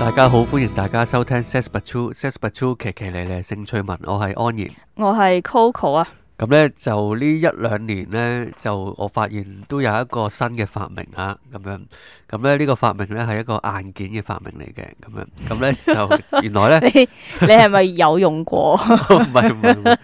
大家好，歡迎大家收聽《s e s but true》，《s e s but true》奇奇咧咧性趣聞，我係安然，我係 Coco 啊。咁咧就呢一兩年咧，就我發現都有一個新嘅發明啊。咁樣咁咧呢個發明咧係一個硬件嘅發明嚟嘅。咁樣咁咧就原來咧， 你你係咪有用過？唔係唔係。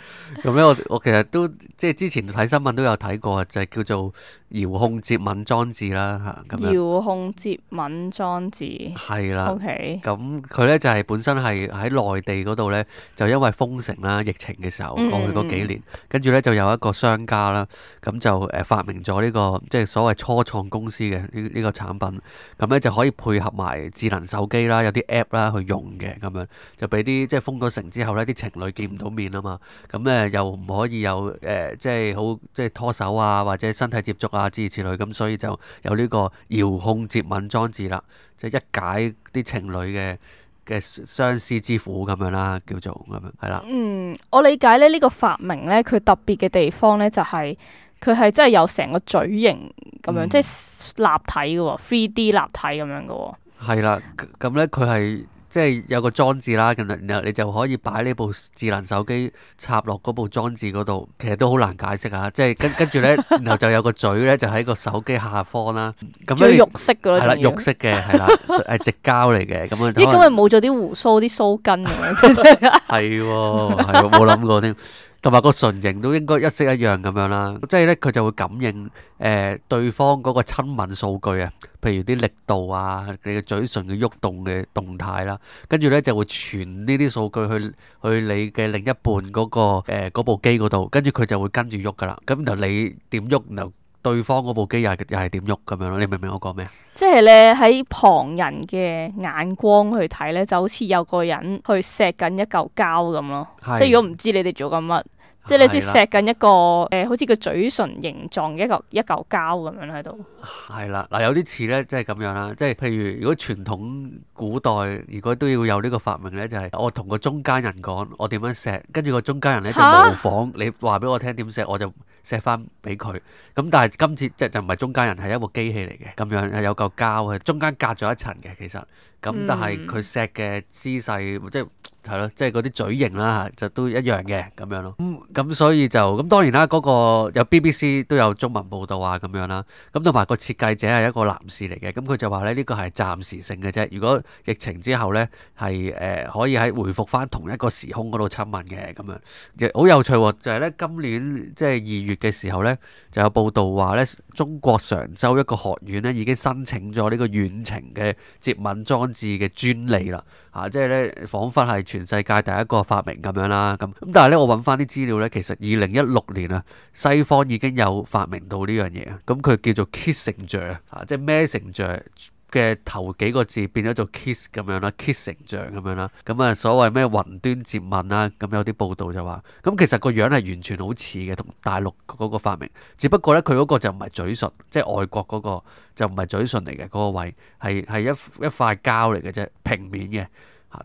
咁咧我我其實都即係之前睇新聞都有睇過，就係、係、叫做遙控接吻裝置啦嚇，咁樣遙控接吻裝置係啦。OK。咁佢咧就係本身係喺內地嗰度咧，就因為封城啦、疫情嘅時候，過去嗰幾年，跟住咧就有一個商家啦，咁就誒發明咗呢、呢個即係所謂初創公司嘅呢呢個產品，咁咧就可以配合埋智能手機啦，有啲 App 啦去用嘅咁樣，就俾啲即係封咗城之後咧，啲情侶見唔到面啊嘛，咁咧。又唔可以有誒、呃，即係好即係拖手啊，或者身體接觸啊，諸如此類咁，所以就有呢個遙控接吻裝置啦，即係一解啲情侶嘅嘅相思之苦咁樣啦，叫做咁樣係啦。嗯，我理解咧，呢、這個發明咧，佢特別嘅地方咧，就係佢係真係有成個嘴型咁樣，嗯、即係立體嘅，three D 立體咁樣嘅。係啦、嗯，咁咧佢係。即係有個裝置啦，然後然後你就可以擺呢部智能手機插落嗰部裝置嗰度，其實都好難解釋啊。即係跟跟住咧，然後就有個嘴咧，就喺個手機下方啦、啊。咁樣肉色嘅係啦，了樣肉色嘅係啦，誒 直膠嚟嘅咁樣。你今日冇咗啲鬍鬚啲鬚根啊！係喎、 哦，係喎、哦，冇諗過添。 同埋個唇形都應該一式一樣咁樣啦，即係咧佢就會感應誒、呃、對方嗰個親吻數據啊，譬如啲力度啊，你嘅嘴唇嘅喐動嘅動態啦，跟住咧就會傳呢啲數據去去你嘅另一半嗰、嗰個、呃、部機嗰度，跟住佢就會跟住喐噶啦，咁就你點喐就。然後對方嗰部機又係又係點喐咁樣咯？你明唔明我講咩啊？即係咧喺旁人嘅眼光去睇咧，就好似有個人去錫緊一嚿膠咁咯。即係如果唔知你哋做緊乜？即係你即係錫緊一個誒了、呃，好似個嘴唇形狀嘅一個一嚿膠咁樣喺度。係啦，嗱有啲似咧，即係咁樣啦。即係譬如如果傳統古代如果都要有呢個發明咧，就係、是、我同個中間人講我點樣錫，跟住個中間人咧就模仿你話俾我聽點錫，啊、我就錫翻俾佢。咁但係今次即係就唔、是、係中間人，係一部機器嚟嘅，咁樣有嚿膠，佢中間隔咗一層嘅其實。咁但係佢錫嘅姿勢，即係係咯，即係嗰啲嘴型啦，就都一樣嘅咁樣咯。咁咁所以就咁當然啦，嗰個有 BBC 都有中文報道啊咁樣啦。咁同埋個設計者係一個男士嚟嘅，咁佢就話咧呢個係暫時性嘅啫。如果疫情之後咧係誒可以喺回復翻同一個時空嗰度親吻嘅咁樣，亦好有趣喎。就係咧今年即係二月嘅時候咧，就有報道話咧中國常州一個學院咧已經申請咗呢個遠程嘅接吻裝字嘅專利啦，嚇、啊，即係咧，仿佛係全世界第一個發明咁樣啦，咁、啊、咁，但係咧，我揾翻啲資料咧，其實二零一六年啊，西方已經有發明到呢樣嘢啊，咁佢叫做 Kissenger，啊，即係 messenger？嘅頭幾個字變咗做 kiss 咁樣啦 kiss 成像咁樣啦，咁啊所謂咩雲端接吻啦、啊，咁有啲報道就話，咁其實個樣係完全好似嘅，同大陸嗰個發明，只不過呢，佢嗰個就唔係嘴唇，即係外國嗰、嗰個就唔係嘴唇嚟嘅，嗰、嗰個位係係一一塊膠嚟嘅啫，平面嘅。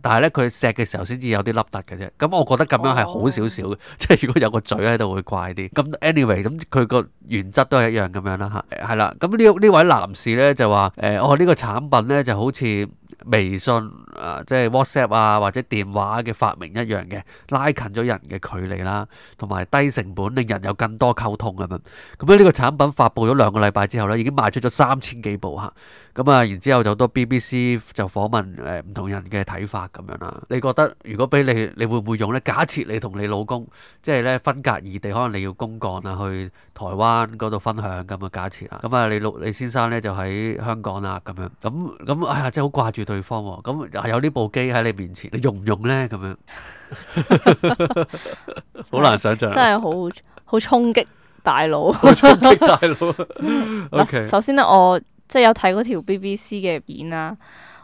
但係咧，佢錫嘅時候先至有啲凹凸嘅啫。咁我覺得咁樣係好少少嘅，oh. 即係如果有個嘴喺度會怪啲。咁 anyway，咁佢個原則都係一樣咁樣啦嚇。係啦，咁呢呢位男士咧就話誒，我、哦、呢、呢個產品咧就好似微信啊，即係 WhatsApp 啊或者電話嘅發明一樣嘅，拉近咗人嘅距離啦，同埋低成本令人有更多溝通咁樣。咁咧呢個產品發布咗兩個禮拜之後咧，已經賣出咗三千幾部嚇。咁啊，然之後就好多 BBC 就訪問誒唔同人嘅睇法咁樣啦。你覺得如果俾你，你會唔會用呢？假設你同你老公即係咧分隔異地，可能你要公幹啊，去台灣嗰度分享咁啊，假設啦。咁啊，你老你先生咧就喺香港啦，咁樣咁咁、哎、呀，真係好掛住對方。咁有呢部機喺你面前，你用唔用呢？咁樣好難想象，真係好好衝擊大佬 衝，衝擊大佬。首先呢，我。即係 有睇嗰條 B B C 嘅片啦，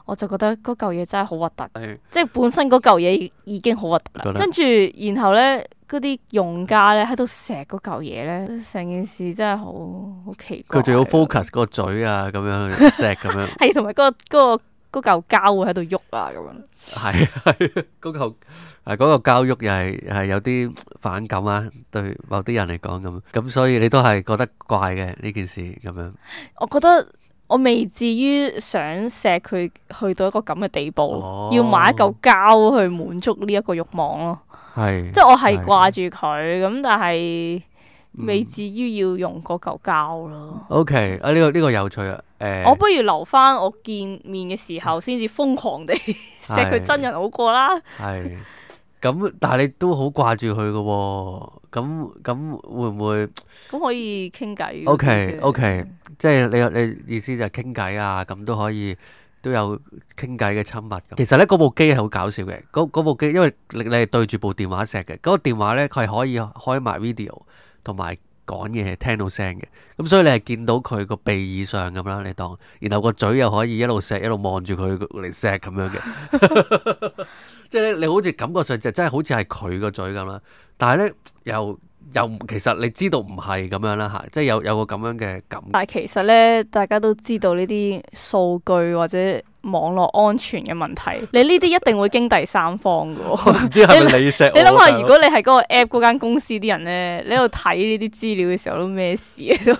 我、uh. 就覺得嗰嚿嘢真係好核突，即係本身嗰嚿嘢已經好核突啦。跟住 然後咧，嗰啲用家咧喺度錫嗰嚿嘢咧，成件事真係好好奇怪。佢仲要 focus 個嘴啊，咁樣錫咁樣。係同埋嗰個嗰、嗰個嗰嚿膠會喺度喐啊，咁、咁、樣、個。係係嗰嚿係個膠喐，又係係有啲反感啊。對某啲人嚟講咁，咁所以你都係覺得怪嘅呢件事咁樣 我覺得。我未至於想錫佢去到一個咁嘅地步，哦、要買一嚿膠去滿足呢一個慾望咯。係是，即係我係掛住佢，咁的但係未至於要用嗰嚿膠咯。嗯、OK，啊呢、呢個呢、呢個有趣啊！呃、我不如留翻我見面嘅時候先至瘋狂地錫佢、嗯、真人好過啦。係，咁但係你都好掛住佢嘅喎。咁咁會唔會？咁可以傾偈。O K O K，即係你你意思就係傾偈啊，咁都可以都有傾偈嘅親密。其實咧，嗰部機係好搞笑嘅。嗰部機因為你你係對住部電話錫嘅，嗰個電話咧，佢係可以開埋 video 同埋講嘢，聽到聲嘅。咁所以你係見到佢個鼻以上咁啦，你當，然後個嘴又可以一路錫一路望住佢嚟錫咁樣嘅， 即係咧，你好似感覺上就真係好似係佢個嘴咁啦。但係咧，又又其實你知道唔係咁樣啦，下，即係有有個咁樣嘅感。但係其實咧，大家都知道呢啲數據，或者。網絡安全嘅問題，你呢啲一定會經第三方噶。唔 知係你錫， 你諗下，如果你係嗰個 app 嗰間公司啲人咧，你喺度睇呢啲資料嘅時候都咩事？日日就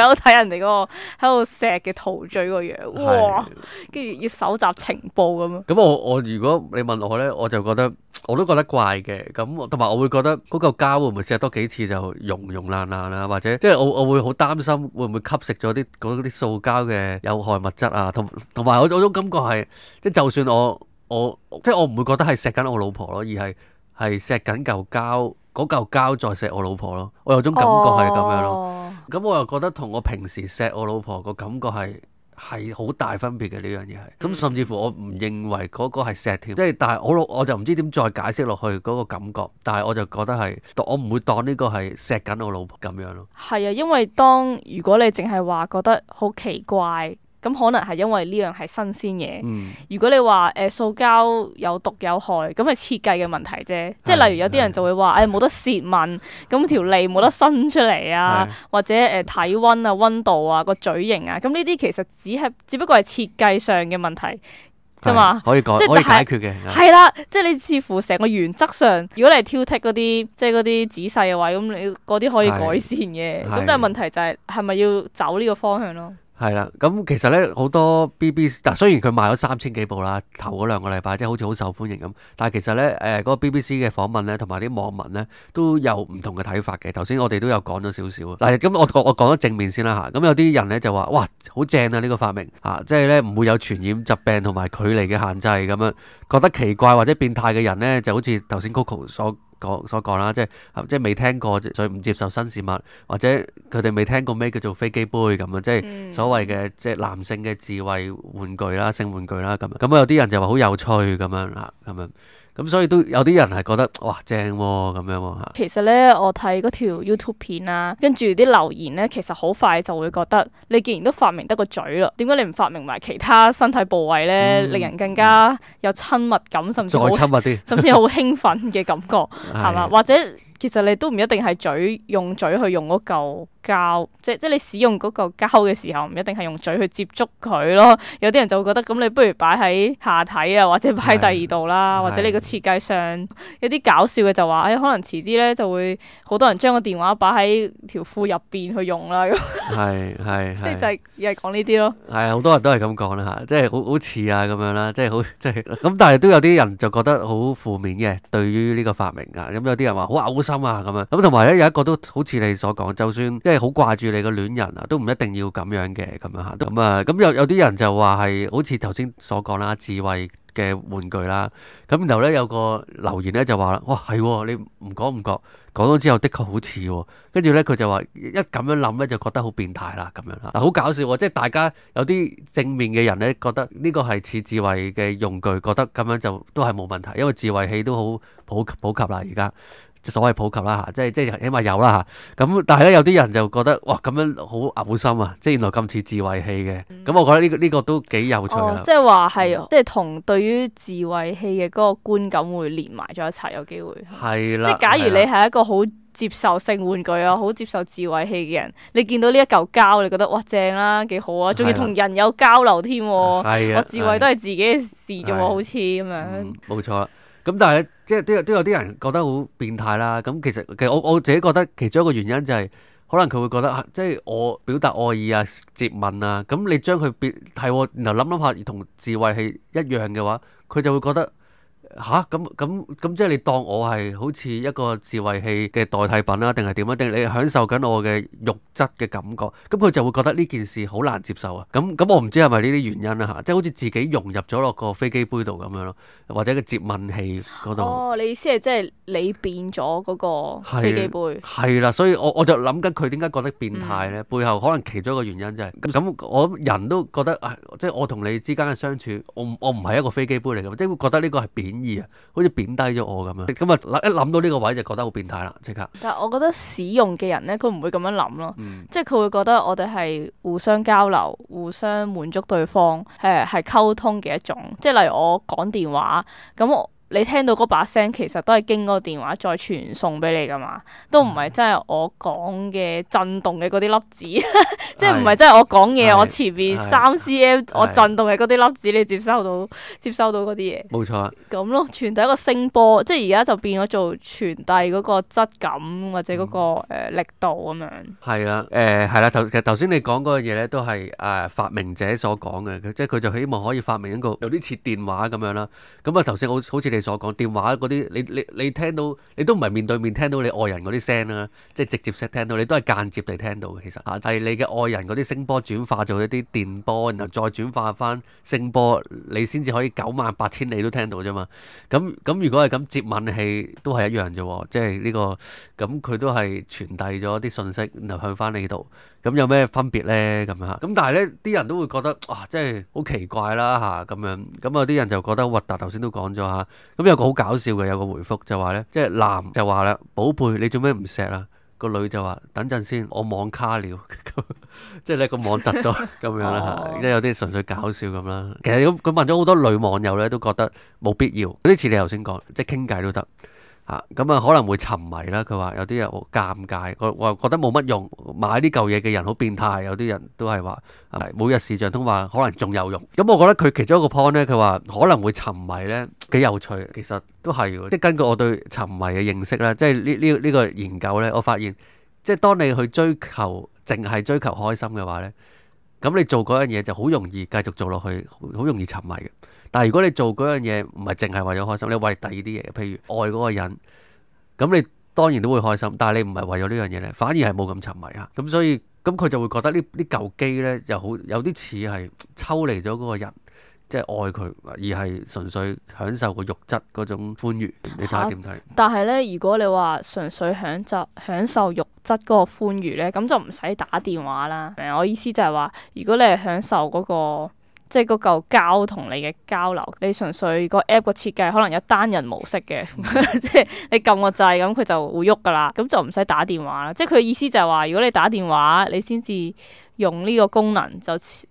喺度睇人哋嗰個喺度錫嘅陶醉個樣，哇！跟住是要搜集情報咁樣。咁我我如果你問我咧，我就覺得我都覺得怪嘅。咁同埋我會覺得嗰嚿膠會唔會錫多幾次就溶溶爛爛啦？或者即係我我會好擔心會唔會吸食咗啲嗰啲塑膠嘅有害物質啊？同同埋嗰種。嗰種感覺係即係，就算我我即係我唔會覺得係錫緊我老婆咯，而係係錫緊嚿膠，嗰嚿膠再錫我老婆咯。我有種感覺係咁樣咯。咁，Oh。我又覺得同我平時錫我老婆個感覺係係好大分別嘅，呢樣嘢係。咁甚至乎我唔認為嗰個係錫添，即係但係我我就唔知點再解釋落去嗰個感覺。但係我就覺得係，我唔會當呢個係錫緊我老婆咁樣咯。係啊，因為當如果你淨係話覺得好奇怪。咁可能係因為呢樣係新鮮嘢。如果你話誒塑膠有毒有害，咁係設計嘅問題啫。即係例如有啲人就會話誒冇得舌吻，咁條脷冇得伸出嚟啊，或者誒體溫啊、溫度啊、個嘴型啊，咁呢啲其實只係只不過係設計上嘅問題啫嘛。可以改，可以解決嘅。係啦，即係你似乎成個原則上，如果你係挑剔嗰啲，即係嗰啲仔細嘅話，咁你嗰啲可以改善嘅。咁但係問題就係係咪要走呢個方向咯？係啦，咁、嗯、其實咧好多 BBC 嗱、啊，雖然佢賣咗三千幾部啦，頭嗰兩個禮拜即係好似好受歡迎咁，但係其實咧誒嗰個 BBC 嘅訪問咧，同埋啲網民咧都有唔同嘅睇法嘅。頭先我哋都有講咗少少嗱，咁、啊、我我講咗正面先啦吓，咁有啲人咧就話哇好正啊！呢啊、呢個發明啊，即係咧唔會有傳染疾病同埋距離嘅限制咁樣，覺得奇怪或者變態嘅人咧就好似頭先 Coco 所。講所講啦，即係即係未聽過，所以唔接受新事物，或者佢哋未聽過咩叫做飛機杯咁樣，即係所謂嘅即係男性嘅智慧玩具啦，性玩具啦咁樣。咁，有啲人就話好有趣咁樣啦，咁樣。咁所以都有啲人係覺得哇正喎，啊，咁樣啊。其實咧，我睇嗰條 YouTube 片啦，跟住啲留言咧，其實好快就會覺得，你既然都發明得個嘴啦，點解你唔發明埋其他身體部位咧，嗯、令人更加有親密感，甚至好親密啲， 甚至好興奮嘅感覺，係嘛？ 或者其實你都唔一定係嘴，用嘴去用嗰嚿。膠即係即係你使用嗰個膠嘅時候，唔一定係用嘴去接觸佢咯。有啲人就會覺得咁、嗯，你不如擺喺下體啊，或者擺喺第二度啦，是或者你個設計上是有啲搞笑嘅就話，誒、哎、可能遲啲咧就會好多人將個電話擺喺條褲入邊去用啦。係係，即係就係、是、又、就是、講呢啲咯。係好多人都係咁講啦嚇，即係好好似啊咁樣啦，即係好即係咁，但係都有啲人就覺得好負面嘅對於呢個發明啊。咁有啲人話好嘔心啊咁樣。咁同埋咧有一個都好似你所講，就算好掛住你個戀人啊，都唔一定要咁樣嘅咁樣吓，咁啊咁有有啲人就話係好似頭先所講啦，自慰嘅玩具啦，咁然後咧有個留言咧就話啦，哇，係喎，你唔講唔覺，講咗之後的確好似，跟住咧佢就話一咁樣諗咧就覺得好變態啦咁樣啦，好搞笑喎，即係大家有啲正面嘅人咧覺得呢個係似自慰嘅用具，覺得咁樣就都係冇問題，因為自慰器都好普普及啦而家。即所謂普及啦嚇，即係即係起碼有啦嚇。咁但係咧，有啲人就覺得哇，咁樣好嘔心啊！即係原來咁似自慰器嘅。咁、嗯、我覺得呢、呢個呢、呢個都幾有趣即係話係，即係同對於自慰器嘅嗰個觀感會連埋咗一齊有機會。係啦、嗯，即係假如你係一個好接受性玩具啊，好的接受自慰器嘅人，你見到呢一嚿膠，你覺得哇正啦、啊，幾好啊，仲要同人有交流添。的嗯、我自慰都係自己嘅事做，好似咁樣。冇錯。咁但係即係都有都有啲人覺得好變態啦。咁其實其實我我自己覺得其中一個原因就係、係、可能佢會覺得、啊、即係我表達愛意啊、接吻啊，咁你將佢變係，然後諗諗下同智慧係一樣嘅話，佢就會覺得。嚇咁咁咁即係你當我係好似一個自慰器嘅代替品啦，定係點啊？定係你享受緊我嘅肉質嘅感覺，咁佢、啊、就會覺得呢件事好難接受啊！咁咁我唔知係咪呢啲原因啦嚇，即係、嗯嗯、好似自己融入咗落個飛機杯度咁樣咯，或者個接吻器嗰度。哦，你意思係即係你變咗嗰個飛機杯？係啦、嗯，嗯、所以我我就諗緊佢點解覺得變態咧？背後可能其中一個原因就係、是、咁，我人都覺得即係、啊就是、我同你之間嘅相處，我唔我唔係一個飛機杯嚟嘅，即係會覺得呢個係貶。 意啊，好似貶低咗我咁樣，咁啊一諗到呢個位就覺得好變態啦，即刻。但係我覺得使用嘅人咧，佢唔會咁樣諗咯，嗯、即係佢會覺得我哋係互相交流、互相滿足對方誒，係溝通嘅一種。即係例如我講電話咁我。你聽到嗰把聲，其實都係經過電話再傳送俾你噶嘛，都唔係真係我講嘅震動嘅嗰啲粒子，嗯、 即係唔係真係我講嘢，嗯、我前面三 cm、嗯、我震動嘅嗰啲粒子，你接收到接收到嗰啲嘢。冇錯咁、啊、咯，傳遞一個聲波，即係而家就變咗做傳遞嗰個質感或者嗰個、呃嗯、力度咁樣。係啦、啊，誒係啦，頭其實頭先你講嗰樣嘢咧，都係誒發明者所講嘅，即係佢就希望可以發明一個有啲似電話咁樣啦。咁啊，頭先好好似你。你所講電話嗰啲，你你你聽到，你都唔係面對面聽到你愛人嗰啲聲啊，即係直接 s 聽到，你都係間接地聽到嘅。其實啊，就係你嘅愛人嗰啲聲波轉化做一啲電波，然後再轉化翻聲波，你先至可以九萬八千里都聽到啫嘛。咁咁如果係咁，接吻器都係一樣啫喎，即係呢個，咁佢都係傳遞咗啲信息，然後向翻你度。咁有咩分別呢？咁啊，咁但係呢啲人都會覺得哇啊，即係好奇怪啦嚇，咁樣，咁有啲人就覺得核突。頭先都講咗嚇，咁有個好搞笑嘅有個回覆就話呢，即係男就話啦，寶貝你做咩唔錫啊？個女就話等陣先，我網卡了，即係呢個網窒咗咁樣啦，即係有啲純粹搞笑咁啦。其實咁佢問咗好多女網友呢，都覺得冇必要，有啲似你頭先講，即係傾偈都得。啊，咁啊、嗯、可能會沉迷啦。佢話有啲人好尷尬，我我又覺得冇乜用。買啲舊嘢嘅人好變態。有啲人都係話、嗯，每日視像通話可能仲有用。咁、嗯、我覺得佢其中一個 point 呢，佢話可能會沉迷呢幾有趣。其實都係，即係根據我對沉迷嘅認識咧，即係呢呢呢個研究呢，我發現即係當你去追求淨係追求開心嘅話呢，咁你做嗰樣嘢就好容易繼續做落去，好容易沉迷嘅。但如果你做嗰樣嘢唔係淨係為咗開心，你為第二啲嘢，譬如愛嗰個人，咁你當然都會開心。但係你唔係為咗呢樣嘢咧，反而係冇咁沉迷啊。咁所以咁佢就會覺得呢嚿機咧又好有啲似係抽離咗嗰個人，即係愛佢，而係純粹享受個肉質嗰種歡愉。你睇下點睇？但係咧，如果你話純粹享受享受肉質嗰個歡愉咧，咁就唔使打電話啦。我意思就係話，如果你係享受嗰個。即係嗰嚿膠同你嘅交流，你純粹個 app 個設計可能有單人模式嘅，即係 你撳個掣咁佢就會喐噶啦，咁就唔使打電話啦。即係佢意思就係話，如果你打電話，你先至用呢個功能，就似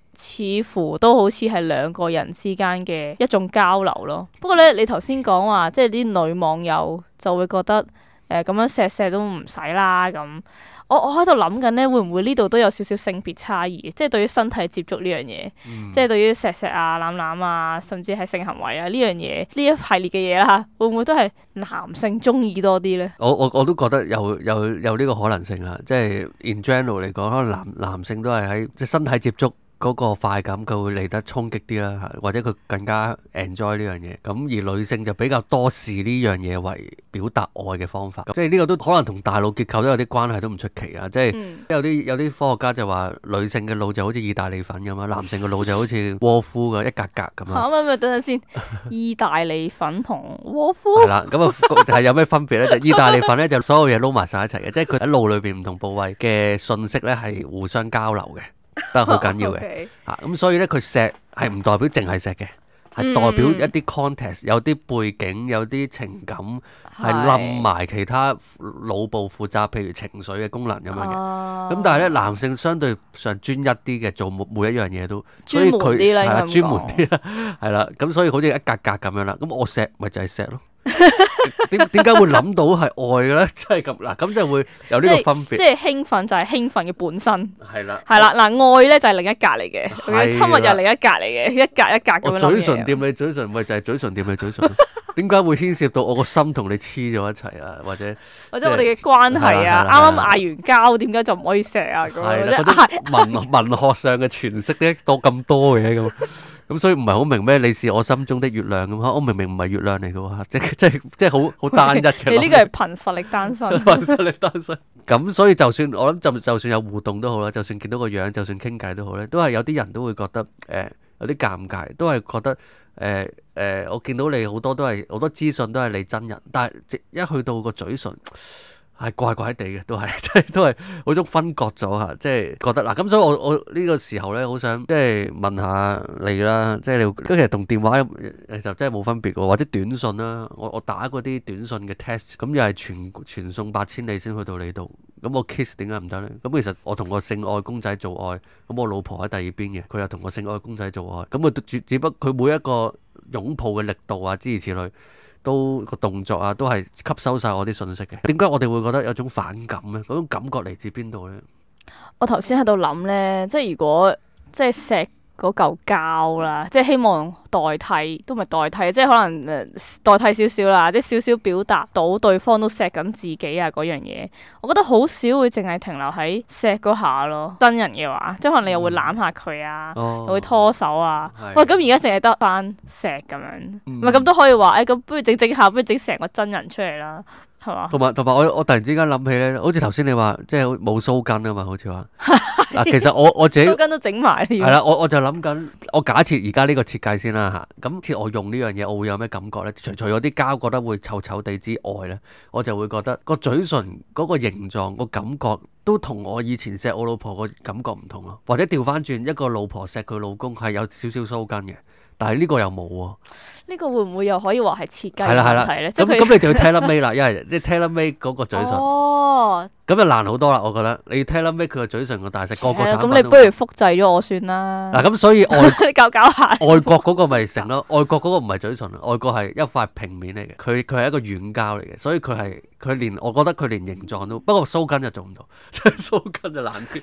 乎都好似係兩個人之間嘅一種交流咯。不過咧，你頭先講話即係啲女網友就會覺得誒咁、呃、樣錫錫都唔使啦咁。我我喺度諗緊咧，會唔會呢度都有少少性別差異？即係對於身體接觸呢樣嘢，嗯、即係對於錫錫啊、攬攬啊，甚至係性行為啊呢樣嘢呢一系列嘅嘢啦，會唔會都係男性中意多啲咧？我我我都覺得有有有呢個可能性啊！即係 in general 嚟講，可能男男性都係喺即係身體接觸。嗰個快感佢會嚟得衝擊啲啦，或者佢更加 enjoy 呢樣嘢。咁而女性就比較多視呢樣嘢為表達愛嘅方法。即係呢個都可能同大腦結構都有啲關係，都唔出奇啊！即係有啲有啲科學家就話，女性嘅腦就好似意大利粉咁樣，男性嘅腦就好似窩夫咁一,一格格咁樣。等陣先，意大利粉同窩夫係啦。咁 啊，係有咩分別呢？就係、意大利粉呢，就所有嘢撈埋晒一齊嘅，即係佢喺腦裏邊唔同部位嘅信息呢係互相交流嘅。都係好緊要嘅，吓咁 Okay.、啊、所以咧佢錫係唔代表淨係錫嘅，係、嗯、代表一啲 context，有啲背景，有啲情感係冧埋其他腦部負責，譬如情緒嘅功能咁樣嘅。咁、啊、但係咧男性相對上專一啲嘅，做每每一樣嘢都專門啲，所以佢成日專門啲啦，係啦。咁、 嗯、所以好似一格格咁樣啦。咁我錫咪就係錫咯。點點解會諗到係愛咧？即係咁嗱，咁就會有呢個分別。即係興奮就係興奮嘅本身。係啦、嗯、啦，係啦，嗱，愛咧就係另一格嚟嘅，親密又另一格嚟嘅，了一格一格咁樣。嘴唇掂你嘴唇，咪就係嘴唇掂你嘴唇。點解會牽涉到我個心同你黐咗一齊啊？或者或者我哋嘅關係啊？啱啱嗌完交，點解就唔可以錫啊？咁樣即係文文學上嘅詮釋咧，到咁多嘅。咁。咁所以唔係好明咩？你是我心中的月亮咁啊！我明明唔係月亮嚟嘅，即即即好好單一嘅。你呢個係憑實力單身， 憑實力單身。咁 所以就算我諗就就算有互動都好啦，就算見到個樣，就算傾偈都好咧，都係有啲人都會覺得誒、呃、有啲尷尬，都係覺得誒誒、呃呃，我見到你好多都係好多資訊都係你真人，但係一去到個嘴唇。係怪怪地嘅，都係即係都係好似分割咗吓，即係覺得嗱，咁所以我我呢個時候呢，好想即係問下你啦，即係你其實同電話有時真係冇分別嘅，或者短信啦，我我打嗰啲短信嘅 test，咁又係傳傳送八千里先去到你度，咁我 kiss 點解唔得呢？咁其實我同個性愛公仔做愛，咁我老婆喺第二邊嘅，佢又同個性愛公仔做愛，咁佢只不過，佢每一個擁抱嘅力度啊，諸如此類。都個動作啊，都係吸收晒我啲信息嘅。點解我哋會覺得有種反感呢？嗰種感覺嚟自邊度呢？我頭先喺度諗呢，即係如果，即係石。嗰嚿膠啦，即係希望代替都唔係代替，即係可能、呃、代替少少啦，即係少少表達到對方都錫緊自己啊嗰樣嘢。我覺得好少會淨係停留喺錫嗰下咯。真人嘅話，即係可能你又會攬下佢啊，嗯哦、又會拖手啊。喂的，咁而家淨係得翻錫咁樣，唔係咁都可以話，誒、哎、咁不如整整下，不如弄弄整成個真人出嚟啦。係同埋同埋，我我突然之間諗起咧，好似頭先你話，即係冇鬚根啊嘛，好似話嗱， 其實我我自己鬚根都整埋係啦，我我就諗緊，我假設而家呢個設計先啦吓，今次我用呢樣嘢，我會有咩感覺咧？除除咗啲膠覺得會臭臭哋之外咧，我就會覺得個嘴唇嗰個形狀、個感覺都同我以前錫我老婆個感覺唔同咯，或者調翻轉一個老婆錫佢老公係有少少鬚根嘅。但係呢個又冇喎，啊，呢個會唔會又可以話係設計嚟？係啦，係啦，咁咁你就要聽粒尾啦，因為即係聽粒尾嗰個嘴唇。哦咁就難好多啦，我覺得。你要聽啦，咩佢個嘴唇個大細個了個產品都咁、嗯，你不如複製咗我算啦。嗱、啊，咁、啊、所以外國嗰個咪成咯。外國嗰個唔係嘴唇，外國係一塊平面嚟嘅。佢佢係一個軟膠嚟嘅，所以佢係佢連我覺得佢連形狀都不過，蘇根就做唔到，即係蘇根就難啲，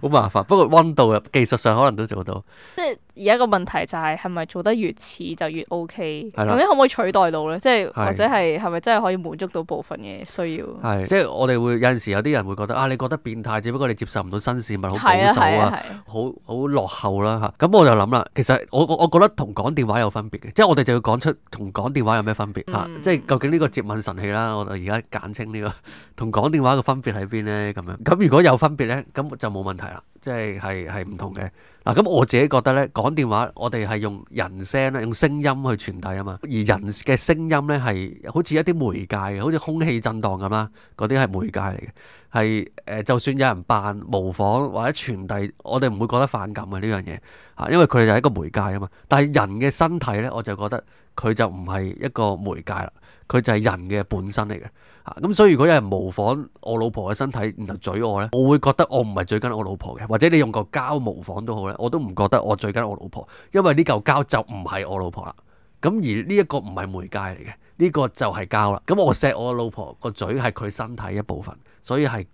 好麻煩。不過溫度技術上可能都做到。即係而家個問題就係係咪做得越似就越 OK？咁你可唔可以取代到呢？即係或者係係咪真係可以滿足到部分嘅需要？即係。我哋會有陣時有啲人會覺得啊，你覺得變態，只不過你接受唔到新事物，好保守啊，好好、啊啊啊、落後啦、啊、嚇。咁我就諗啦，其實我我我覺得同講電話有分別嘅，即係我哋就要講出同講電話有咩分別、嗯、啊，即係究竟呢個接吻神器啦，我而家簡稱呢、呢個同講電話嘅分別喺邊呢？咁樣咁如果有分別呢，咁就冇問題啦。即係係係唔同嘅嗱，咁、啊、我自己覺得呢，講電話我哋係用人聲咧，用聲音去傳遞啊嘛。而人嘅聲音呢，係好似一啲媒介嘅，好似空氣震盪咁啦，嗰啲係媒介嚟嘅，係誒、呃，就算有人扮模仿或者傳遞，我哋唔會覺得反感啊呢樣嘢嚇，因為佢就係一個媒介啊嘛。但係人嘅身體呢，我就覺得佢就唔係一個媒介啦，佢就係人嘅本身嚟嘅。咁、嗯、所以如果有人模仿我老婆嘅身體，然後嘴我呢，我會覺得我唔係咀緊我老婆嘅，或者你用個膠模仿都好咧，我都唔覺得我咀緊我老婆，因為呢嚿膠就唔係我老婆啦。咁而呢一個唔係媒介嚟嘅，呢、這個就係膠啦。咁、嗯嗯嗯、我錫我老婆個嘴係佢身體一部分，所以係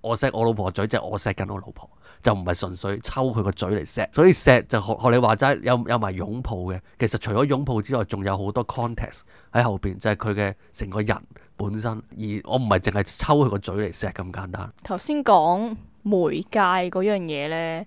我錫我老婆嘅嘴，即、就、係、是、我錫緊我老婆，就唔係純粹抽佢個嘴嚟錫。所以錫就學學你話齋，有有埋擁抱嘅，其實除咗擁抱之外，仲有好多 context 喺後邊，就係佢嘅成個人。本身而我唔係淨係抽佢個嘴，嚟錫，咁簡單。頭先講媒介嗰樣嘢咧，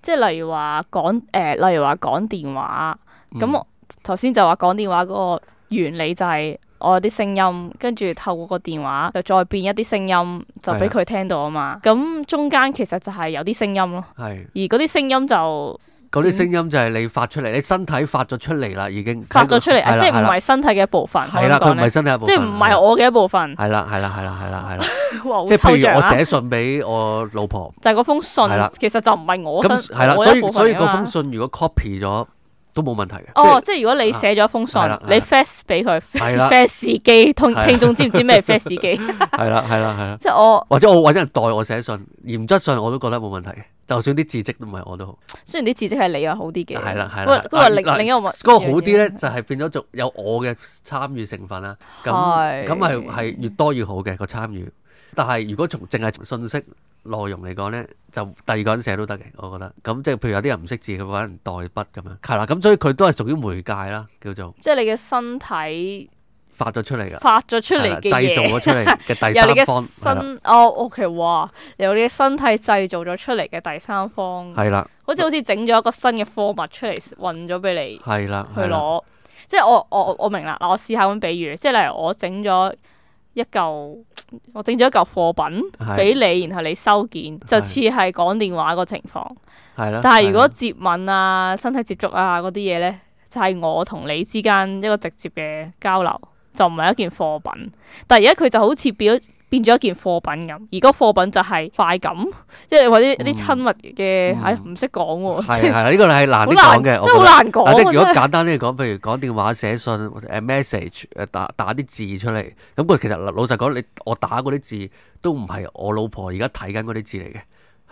即係例如話講誒，例如話講電話。咁我頭先就話講電話嗰個原理就係我有啲聲音，跟住透過個電話就再變一啲聲音，就俾佢聽到啊嘛。咁的中間其實就係有啲聲音咯。係的而嗰啲聲音就。嗰啲聲音就係你發出嚟，你身體發咗出嚟啦，已經發咗出嚟，即係唔係身體嘅一部分，係啦，佢唔係身體嘅部分，即係唔係我嘅一部分。係啦，係啦，係啦，係啦，係啦。即係譬如我寫信俾我老婆，就係嗰封信，其實就唔係我。咁係啦，所以所以嗰封信如果 copy 咗。都冇問題嘅。哦，即係如果你寫咗封信，你 fax 俾佢，fax 機同聽眾知唔知咩係 fax 機？係啦，係啦，係啦。即係我或者我搵人代我寫信，言質信我都覺得冇問題嘅。就算啲字跡都唔係我都好。雖然啲字跡係你又好啲嘅。係啦，係啦。嗰個另另一個嗰個好啲咧，就係變咗仲有我嘅參與成分啦。咁咁係係越多越好嘅個參與。但係如果從淨係信息。內容嚟講咧，就第二個人寫都得嘅，我覺得。咁即係譬如有啲人唔識字，佢搵人代筆咁樣。係啦，咁所以佢都係屬於媒介啦，叫做。即係你嘅身體發咗出嚟噶。發咗出嚟嘅嘢。製的造咗出嚟嘅第三方。新 ？由你嘅身哦，OK，哇！由你嘅身體製造咗出嚟嘅第三方。係啦的。好似好似整咗一個新嘅貨物出嚟運咗俾你。係啦。去攞。的即係我我我，我，我明啦。嗱，我試下咁比喻，即係例如我整咗。一嚿，我整咗一嚿貨品俾你，然後你收件，的就似係講電話個情況。的但係如果接吻啊、身體接觸啊嗰啲嘢呢，就係、是、我同你之間一個直接嘅交流，就唔係一件貨品。但係而家佢就好似變咗。變咗一件貨品咁，而嗰貨品就係快感，即係或者一啲親密嘅，唉、嗯，唔識講喎。係係啦，呢、呢個係難啲講嘅，難我真係好難講。即係如果簡單啲講，譬係如講電話、寫信、誒 message、誒打打啲字出嚟，咁佢其實老實講，你我打嗰啲字都唔係我老婆而家睇緊嗰啲字嚟嘅。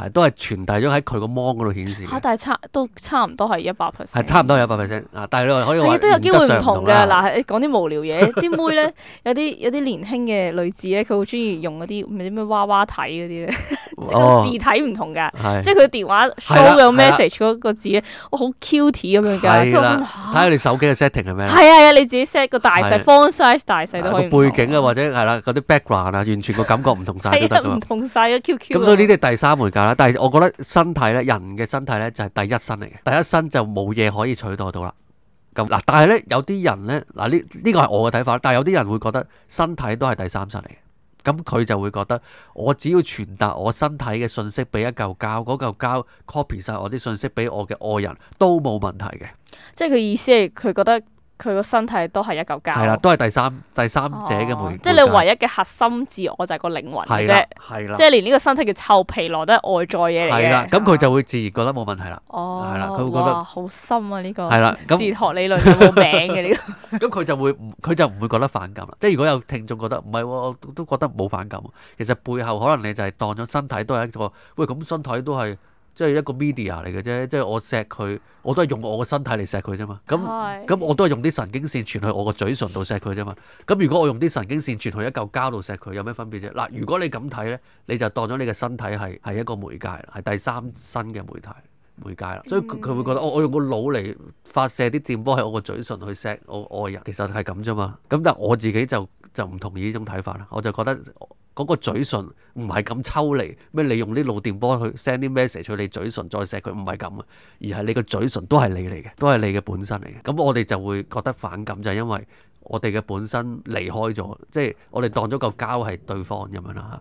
都係傳遞咗喺佢個芒嗰度顯示。但係差都差唔多係一百 percent。差唔多係一百 percent 但係你可以我都有機會唔同㗎嗱，講啲無聊嘢。啲妹咧有啲有啲年輕嘅女子咧，佢好中意用嗰啲咩娃娃體嗰啲咧，即係個字體唔同㗎，即係佢電話 show message 嗰個字咧，好 cute 咁樣㗎。睇下你手機嘅 setting 係咩？係啊係啊，你自己 set 個大細 font size 大細都可以。背景啊，或者係啦嗰啲 background 啊，完全個感覺唔同晒，睇得唔同晒。QQ 咁，所以呢啲第三媒但係，我覺得身體咧，人嘅身體咧就係第一身嚟嘅，第一身就冇嘢可以取代到啦。咁嗱，但係咧有啲人咧嗱，呢呢個係我嘅睇法，但係有啲人會覺得身體都係第三身嚟嘅，咁佢就會覺得我只要傳達我身體嘅信息俾一嚿膠，嗰嚿膠 copy 晒我啲信息俾我嘅愛人都冇問題嘅。即係佢意思係佢覺得。佢個身體都係一嚿膠，係啦，都係第三第三者嘅培養，即係你唯一嘅核心自我就係個靈魂啫，係啦，即係連呢個身體嘅臭皮囊都係外在嘢嚟嘅，係啦，咁佢就會自然覺得冇問題啦，哦、啊，係啦，佢會覺得好深啊呢個，係啦，咁哲學理論冇名嘅呢個，咁佢就會唔佢就唔會覺得反感啦。即係如果有聽眾覺得唔係，我都覺得冇反感。其實背後可能你就係當咗身體都係一個，喂咁身體都係。即係一個 media 嚟嘅啫，即係我錫佢，我都係用我個身體嚟錫佢啫嘛。咁咁我都係用啲神經線傳去我個嘴唇度錫佢啫嘛。咁如果我用啲神經線傳去一嚿膠度錫佢，有咩分別啫？嗱，如果你咁睇呢，你就當咗你嘅身體係係一個媒介，係第三身嘅媒體媒介啦。所以佢佢會覺得我，我用個腦嚟發射啲電波喺我個嘴唇去錫我愛人，其實係咁啫嘛。咁但係我自己就就唔同意呢種睇法啦，我就覺得。嗰個嘴唇唔係咁抽離，咩你用啲腦電波去 send 啲 message，去，你嘴唇再錫佢，唔係咁嘅，而係你個嘴唇都係你嚟嘅，都係你嘅本身嚟嘅。咁我哋就會覺得反感，就係因為我哋嘅本身離開咗，即係我哋當咗嚿膠係對方咁樣啦，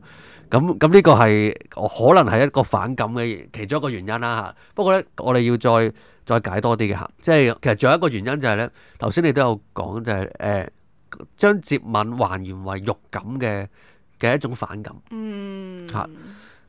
咁咁呢個係可能係一個反感嘅其中一個原因啦嚇。不過呢，我哋要再再解多啲嘅嚇，即係其實仲有一個原因就係呢，頭先你都有講就係誒將接吻還原為肉感嘅嘅一種反感，嗯嚇，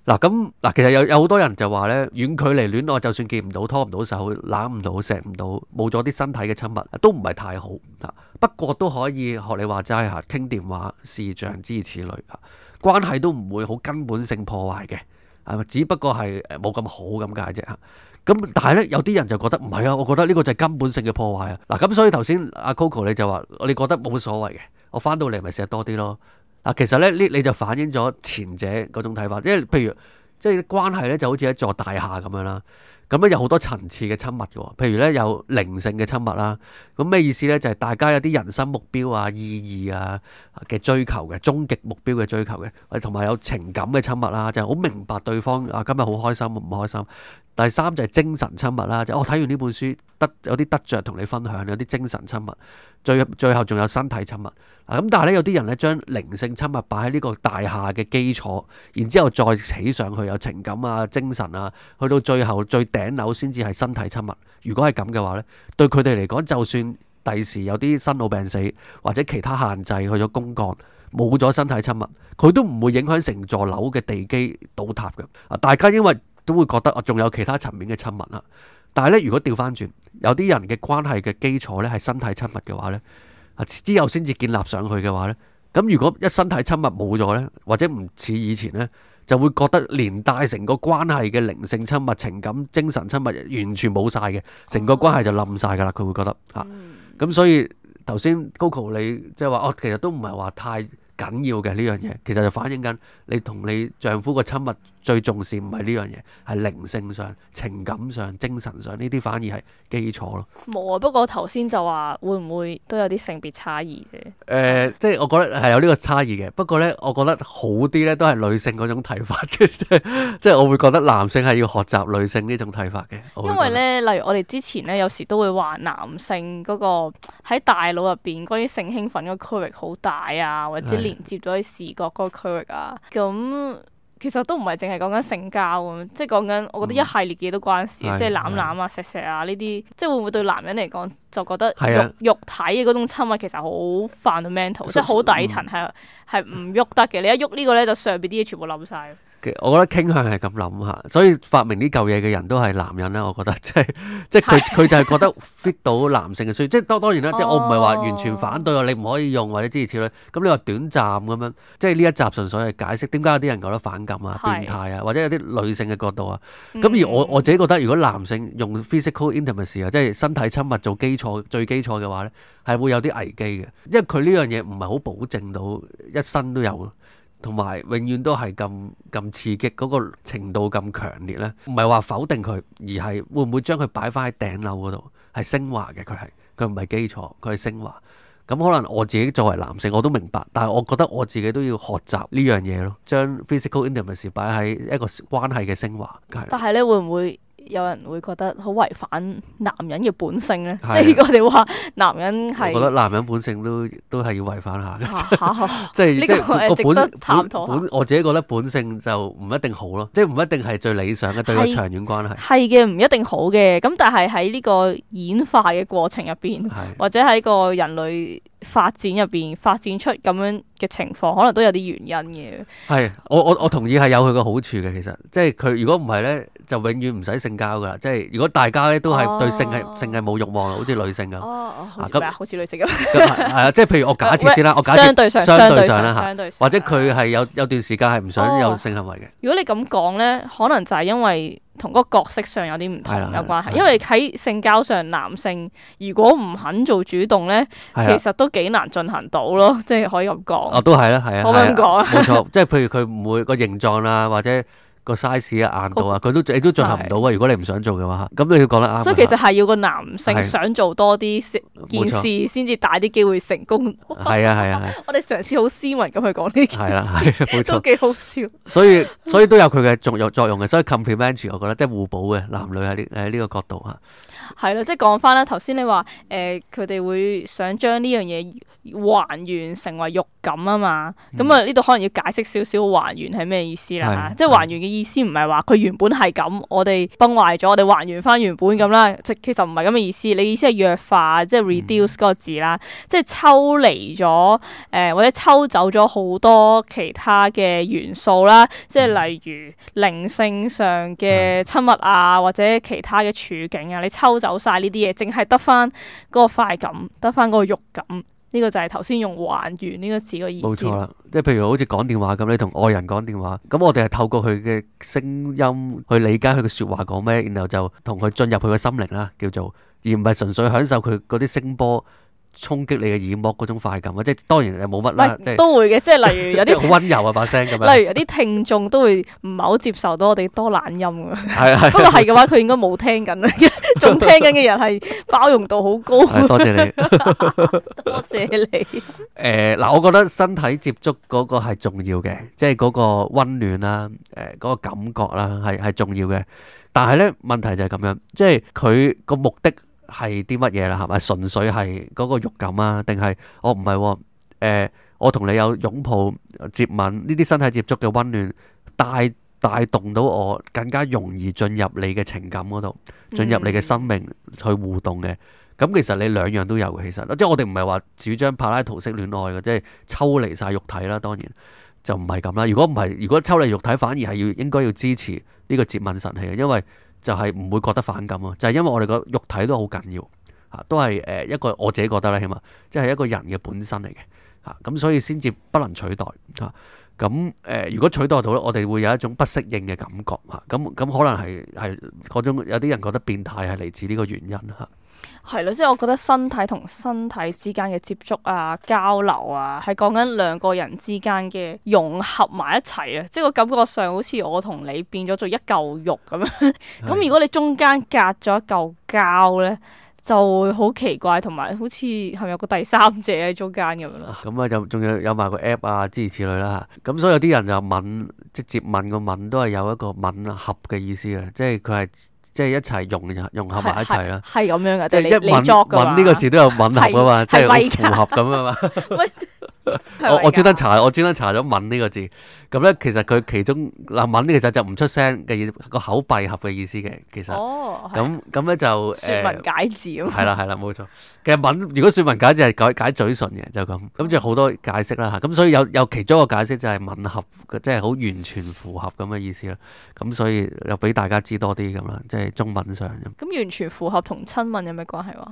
嗱，咁，嗱，其實有有好多人就話咧，遠距離戀愛就算見唔到、拖唔到手、攬唔到、錫唔到、冇咗啲身體嘅親密，都唔係太好啊。不過都可以學你話齋，嚇，傾電話視像之類，嚇，關係都唔會好根本性破壞嘅，係咪？只不過係冇咁好咁解啫嚇。咁但係咧，有啲人就覺得唔係啊，我覺得呢個就係根本性嘅破壞啊。嗱，咁，所以頭先阿 Coco 你就話，你覺得冇所謂嘅，我翻到嚟咪錫多啲咯。嗱，其實咧，呢你就反映咗前者嗰種睇法，即係譬如，即係關係咧，就好似一座大廈咁樣啦。咁咧有好多層次嘅親密嘅喎，譬如咧有靈性嘅親密啦。咁咩意思咧？就係、是、大家有啲人生目標啊、意義啊嘅追求嘅終極目標嘅追求嘅，同埋有，有情感嘅親密啦，就係、是、好明白對方啊，今日好開心唔開心。第三就係、是、精神親密啦，就是、哦睇完呢本書有得有啲得着同你分享，有啲精神親密。最最後仲有身體親密，嗱，咁、啊、但係咧有啲人咧將靈性親密擺喺呢個大廈嘅基礎，然之後再起上去有情感啊、精神啊，去到最後最頂樓先至係身體親密。如果係咁嘅話咧，對佢哋嚟講，就算第時有啲生老病死或者其他限制去，去咗公幹，冇咗身體親密，佢都唔會影響成座樓嘅地基倒塌嘅。啊，大家因為都會覺得啊，仲有其他層面嘅親密啦、啊。但係咧，如果調返轉。有啲人嘅關係嘅基礎呢係身體親密嘅話咧，之後先至建立上去嘅話呢。咁如果一身體親密冇咗呢，或者唔似以前呢，就會覺得連帶成個關係嘅靈性親密、情感、精神親密完全冇晒嘅，成個關係就冧晒噶啦，佢會覺得吓。咁、嗯、所以頭先 Coco 你即係話哦，其實都唔係話太。緊要嘅呢樣嘢，其實就反映緊你同你丈夫個親密最重視唔係呢樣嘢，係靈性上、情感上、精神上呢啲反而係基礎咯。冇啊，不過頭先就話會唔會都有啲性別差異嘅？誒、呃，即係我覺得係有呢個差異嘅。不過呢，我覺得好啲呢都係女性嗰種睇法嘅， 即係即係我會覺得男性係要學習女性呢種睇法嘅。因為呢，例如我哋之前呢，有時都會話男性嗰、嗰個喺大腦入邊關於性興奮嗰個區域好大啊，或者接咗喺視覺嗰個區域啊，咁、嗯、其實都唔係淨係講緊性交啊，即係講緊我覺得一系列嘅嘢都關事，即係攬攬啊、錫錫啊呢啲，即、就、係、是、會唔會對男人嚟講就覺得肉、啊、肉體嘅嗰種親密其實好 fundamental，即係好底層係係唔喐得嘅，你一喐呢個咧就上邊啲嘢全部冧晒。我覺得傾向係咁諗下，所以發明呢嚿嘢嘅人都係男人啦。我覺得即係即係佢佢就係覺得 fit 到男性嘅需要，即係當然啦。哦、即係我唔係話完全反對啊，你唔可以用或者諸如此類。咁你話短暫咁樣，即係呢一集純粹係解釋點解有啲人覺得反感啊、變態啊，或者有啲女性嘅角度啊。咁是而我我自己覺得，如果男性用 physical intimacy 啊、嗯，即係身體親密做基礎最基礎嘅話咧，係會有啲危機嘅，因為佢呢樣嘢唔係好保證到一生都有、嗯同埋永遠都係咁咁刺激，嗰個程度咁強烈呢，唔係話否定佢，而係會唔會將佢擺翻喺頂樓嗰度，係升華嘅佢係，佢唔係基礎，佢係升華。咁可能我自己作為男性我都明白，但係我覺得我自己都要學習呢樣嘢咯，將 physical intimacy 擺喺一個關係嘅升華。就是、但係咧，會唔會？有人會覺得好違反男人嘅本性咧，的即係如果我哋話男人係，我覺得男人本性都都係要違反下嘅，啊啊、 即係即係呢個值得探討，本本本我自己覺得本性就唔一定好咯，即係唔一定係最理想嘅是對長遠關係。係嘅，唔一定好嘅，咁但係喺呢個演化嘅過程入邊，的或者喺個人類，發展入邊發展出咁樣嘅情況，可能都有啲原因嘅。係，我我我同意係有佢個好處嘅。其實，即係佢如果唔係咧，就永遠唔使性交噶啦。即係如果大家咧都係對性係性係冇欲望，好似女性咁。哦哦、啊，係、啊、好似女性咁。咁係啊， 啊，即係譬如我假設先啦，我假設相對上相對上啦吓，或者佢係有有段時間係唔想有性行為嘅、啊。如果你咁講咧，可能就係因為。同個角色上有啲唔同有關係，因為喺性交上男性如果唔肯做主動咧，的其實都幾難進行到咯，即係可以咁講。啊，都係啦，係啊，可唔可以咁講啊？冇錯，即係譬如佢唔會、個形狀啦、啊，或者。個 size 啊，硬度啊，佢、哦、都你都進行唔到啊。對如果你唔想做嘅話，咁你要講得啱。所以其實係要個男性想做多啲件事，先至大啲機會成功。係啊係啊係。 我哋嘗試好斯文咁去講呢件事。係啦，冇錯都幾好笑。所以所以都有佢嘅作用作用嘅，所以 complementary 我覺得即係互補嘅男女喺呢喺個角度啊。係啦。即係講翻啦。頭先你話誒，佢、呃、哋會想將呢樣嘢。還原成為肉感啊嘛，咁啊呢度可能要解釋少少還原係咩意思啦。即係還原嘅意思唔係話佢原本係咁，我哋崩壞咗，我哋還原翻原本咁啦。即其實唔係咁嘅意思。你意思係弱化，即係 reduce 嗰個字啦，嗯、即係抽離咗誒，或者抽走咗好多其他嘅元素啦，嗯、即係例如靈性上嘅親密啊，嗯、或者其他嘅處境啊，你抽走晒呢啲嘢，淨係得翻嗰個快感，得翻嗰個肉感。呢個就係頭先用還原呢個字嘅意思錯。冇錯啦，即係譬如好似講電話咁，你同愛人講電話，咁我哋係透過佢嘅聲音去理解佢嘅説話講咩，然後就同佢進入佢個心靈啦，叫做，而唔係純粹享受佢嗰啲聲波。衝擊你嘅耳膜嗰種快感啊，即係當然又冇乜啦，即都會嘅，即係例如有啲，即係好溫 柔啊把聲咁樣。 例如有啲聽眾都會唔係好接受到我哋多懶音係 不過係嘅話，佢應該冇聽緊，仲聽緊嘅人係包容度好高。 多謝你， 多謝你。誒，嗱，我覺得身體接觸嗰個係重要嘅，即係嗰個溫暖啦，誒，嗰個感覺啦，係係重要嘅。但係咧，問題就係咁樣，即係佢個目的。係啲乜嘢啦？係咪純粹係嗰個肉感啊？定係我唔係喎？誒，我同你有擁抱、接吻，呢啲身體接觸嘅温暖，帶帶動到我更加容易進入你嘅情感嗰度，進入你嘅生命去互動嘅。咁、嗯、其實你兩樣都有嘅，其實即係我哋唔係話主張柏拉圖式戀愛嘅，即係抽離晒肉體啦。當然就唔係咁啦。如果唔係，如果抽離肉體，反而係要應該要支持呢個接吻神器嘅，因為。就係唔會覺得反感咯，就係因為我哋個肉體都好緊要，嚇都係誒一個我自己覺得啦，起碼即係一個人嘅本身嚟嘅嚇，咁所以先至不能取代嚇。咁誒，如果取代到咧，我哋會有一種不適應嘅感覺嚇。咁咁可能係係嗰種有啲人覺得變態係嚟自呢個原因嚇。係啦，即係我覺得身體同身體之間嘅接觸啊、交流啊，係講緊兩個人之間嘅融合埋一齊啊，即係個感覺上好似我同你變咗做一嚿肉咁樣。咁是如果你中間隔咗一嚿膠咧，就會好奇怪，同埋好似係咪有個第三者喺中間咁咯。咁啊、嗯，就仲有有埋個 app 啊，諸如此類啦。咁所以有啲人就吻，直接吻個吻都係有一個吻合嘅意思啊，即係佢係。即係一齊融融合埋一齊啦，係咁樣噶，即係你吻呢個字都有吻合噶嘛？即係吻合咁啊嘛！我是是我專登查，我專登查咗“吻”呢個字。咁咧，其實佢其中嗱吻，文其實就唔出聲嘅意，個口閉合嘅意思嘅，其實。哦。咁咁咧就説文解字啊。係啦，係啦，冇錯。其實吻，如果説文解字係解解嘴唇嘅，就咁。咁仲有好多解釋啦嚇。咁所以有有其中一個解釋就係吻合，即係好完全符合咁嘅意思啦。咁所以又俾大家知多啲咁啦，即係中文上。咁完全符合同親吻有咩關係喎？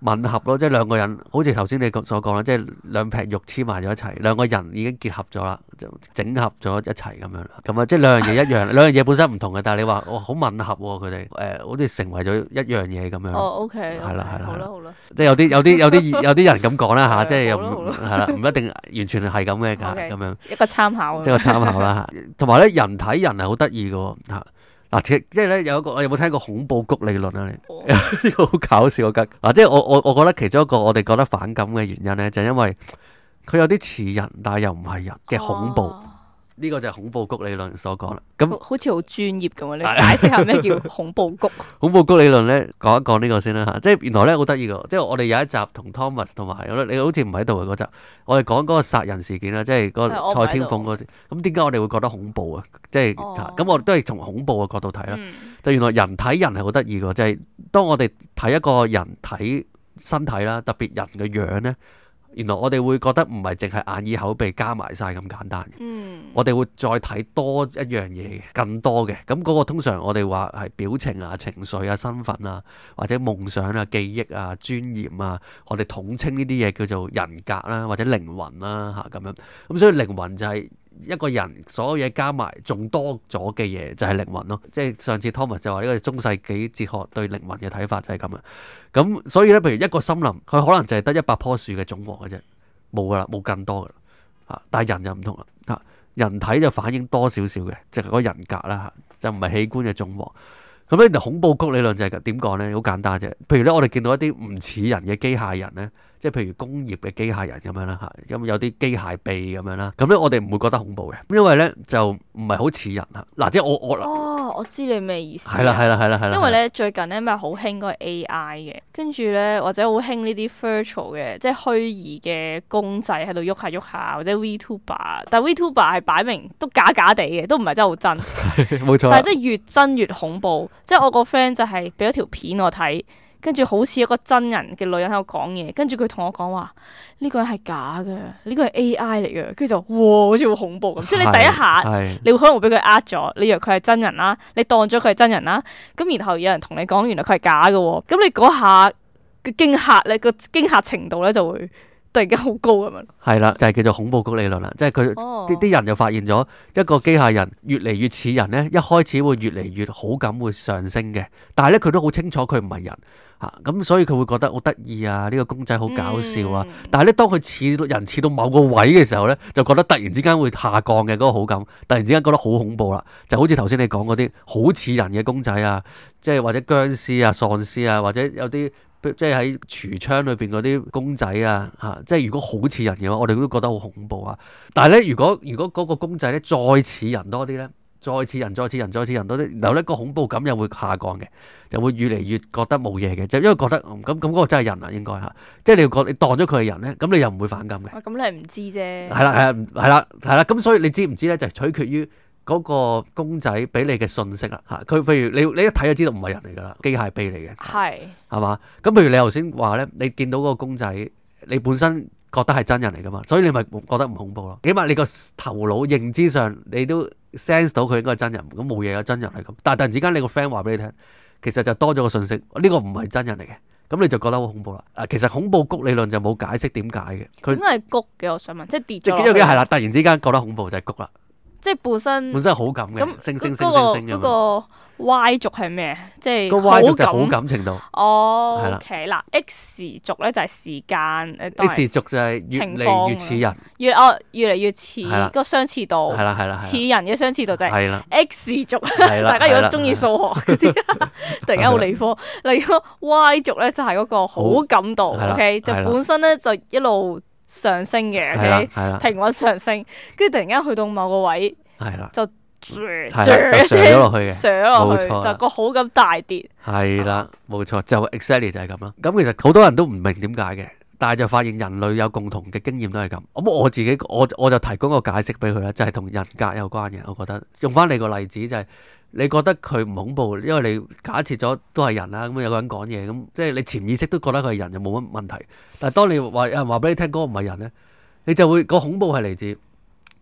吻合咯，即係兩個人，好似頭先你所講啦，即係兩劈肉黐埋咗一齊，兩個人已經結合咗啦，就整合咗一齊咁樣啦。咁啊，即係兩樣嘢一樣， 兩樣嘢本身唔同嘅，但係你話我好吻合佢、啊、哋，誒、呃，好似成為咗一樣嘢咁樣。哦、oh,，OK，係、okay, 啦，係 okay, 啦，即係有啲有啲有啲有啲人咁講啦吓，即係又係啦，唔是一定完全係咁嘅咁樣，一個參考，一個參考啦。同埋咧，人體人係好得意噶吓。嗱，即係咧有一個，你有冇聽過恐怖谷理論？oh. 啊？你好搞笑㗎。嗱，即係我我我覺得其中一個我哋覺得反感嘅原因咧，就係，因為佢有啲似人，但係又唔係人嘅恐怖。Oh. 呢個就係恐怖谷理論所講啦，咁好似好專業咁，你解釋下咩叫恐怖谷？ 恐怖谷理論咧，講一講呢個先啦吓，即係原來咧好得意噶，即係我哋有一集同 Thomas 同埋，你好似唔喺度啊嗰集，我哋講嗰個殺人事件啦，即係個蔡天鳳嗰時，咁點解我哋會覺得恐怖啊？即係咁、哦、我都係從恐怖嘅角度睇啦，嗯、就原來人睇人係好得意噶，就係當我哋睇一個人體身體啦，特別人嘅樣咧。原來我哋會覺得唔係淨係眼耳口鼻加埋晒咁簡單嘅，嗯、我哋會再睇多一樣嘢更多嘅。咁、那、嗰個通常我哋話係表情啊、情緒啊、身份啊，或者夢想啊、記憶啊、尊嚴啊，我哋統稱呢啲嘢叫做人格啦，或者靈魂啦嚇咁樣。咁所以靈魂就係、是。一個人所有嘢加埋，仲多咗嘅嘢就係靈魂咯。即係上次 Tom 就話呢個中世紀哲學對靈魂嘅睇法就係咁啊。咁所以咧，譬如一個森林，佢可能就係得一百棵樹嘅總和嘅啫，冇噶啦，冇更多噶啦。但係人就唔同啦。吓，人體就反映多少少嘅，即係個人格啦吓，就唔係器官嘅總和。咁呢就恐怖谷理論就係噶。點講咧？好簡單啫。譬如咧，我哋見到一啲唔似人嘅機械人咧。即係譬如工業嘅機械人咁樣啦吓，咁有啲機械臂咁樣啦，咁咧我哋唔會覺得恐怖嘅，因為咧就唔係好似人吓。嗱、啊，即係我我哦，我知你咩意思、啊。係啦，係啦，係啦，係啦。啦啦啦，因為咧啦最近咧咪好興嗰個 AI 嘅，跟住咧或者好興呢啲 virtual 嘅，即係虛擬嘅公仔喺度喐下喐下，或者 Vtuber。但係 Vtuber 係擺明都假假地嘅，都唔係真好真，冇錯。但係即係越真越恐怖。即係我個 friend 就係俾咗條片我睇。跟住好似一個真人嘅女人喺度講嘢，跟住佢同我講話，呢個係假嘅，呢、呢個係 A I 嚟嘅。跟住就哇，好似好恐怖咁，即係你第一下你會可能俾佢呃咗，你以為佢係真人啦，你當咗佢係真人啦，咁然後有人同你講原來佢係假嘅，咁你嗰下嘅驚嚇你、嗰個嗰個驚嚇程度咧就會突然間好高咁樣。係啦，就係、是、叫做恐怖谷理論啦，即係佢啲啲人就發現咗一個機械人越嚟越似人咧，一開始會越嚟越好感會上升嘅，但係咧佢都好清楚佢唔係人。吓咁，啊、所以佢會覺得好得意啊！呢個公仔好搞笑啊！但係咧，當佢似人似到某個位嘅時候咧，就覺得突然之間會下降嘅嗰個好感，突然之間覺得好恐怖啦、啊！就好似頭先你講嗰啲好似人嘅公仔啊，即係或者殭屍啊、喪屍啊，或者有啲即係喺櫥窗裏邊嗰啲公仔啊，嚇、啊！即係如果好似人嘅話，我哋都覺得好恐怖啊！但係咧，如果如果嗰個公仔咧再似人多啲咧？再似人再似人再似人，都有咧，個恐怖感又會下降嘅，就會越嚟越覺得冇嘢嘅，就因為覺得咁咁嗰個真係人啊，應該嚇，即係你要覺你當咗佢係人咧，咁、嗯、你又唔會反感嘅。咁、哦嗯、你唔知啫。係啦係啦係啦係啦，咁所以你知唔知咧？就係、是、取決於嗰個公仔俾你嘅信息啦嚇。佢譬如你你一睇就知道唔係人嚟㗎啦，機械臂嚟嘅。係係嘛？咁譬如你頭先話咧，你見到嗰個公仔，你本身。覺得係真人嚟㗎嘛，所以你咪覺得唔恐怖咯。起碼你個頭腦認知上你都 sense 到佢應該係真人，咁冇嘢有真人係咁。但係突然之間你個 friend 話俾你聽，其實就多咗個信息，呢、這個唔係真人嚟嘅，咁你就覺得好恐怖啦。嗱，其實恐怖谷理論就冇解釋點解嘅。佢真係谷嘅，我想問，即係跌咗。跌咗嘅係啦，突然之間覺得恐怖就係、是、谷啦。即係本身本身係好感嘅。咁那 Y 軸係咩？即係個 Y 軸就係好感程度。哦，OK 嗱，X 軸咧就係時間。X 軸就係越嚟越似人，越哦越嚟越似個相似度。係啦係啦，似人嘅相似度就係。係啦。X 軸，大家如果中意數學嗰啲，突然間好理科。例如 Y 軸咧就係嗰個好感度。O K，就本身咧就一路上升嘅。O K，平穩上升，跟住突然間去到某個位，係啦，就。上就上咗落去嘅，上冇錯，就個好感大跌。係啦的，冇錯，就 exactly 就係咁啦。咁其實好多人都唔明點解嘅，但係就發現人類有共同嘅經驗都係咁。咁我自己我我就提供個解釋俾佢啦，就係、是、同人格有關嘅。我覺得用翻你個例子就係、是，你覺得佢唔恐怖，因為你假設咗都係人啦，咁有個人講嘢，咁即係你潛意識都覺得佢係人就冇乜問題。但係當你話、那個、人話俾你聽嗰個唔係人咧，你就會、那個恐怖係嚟自。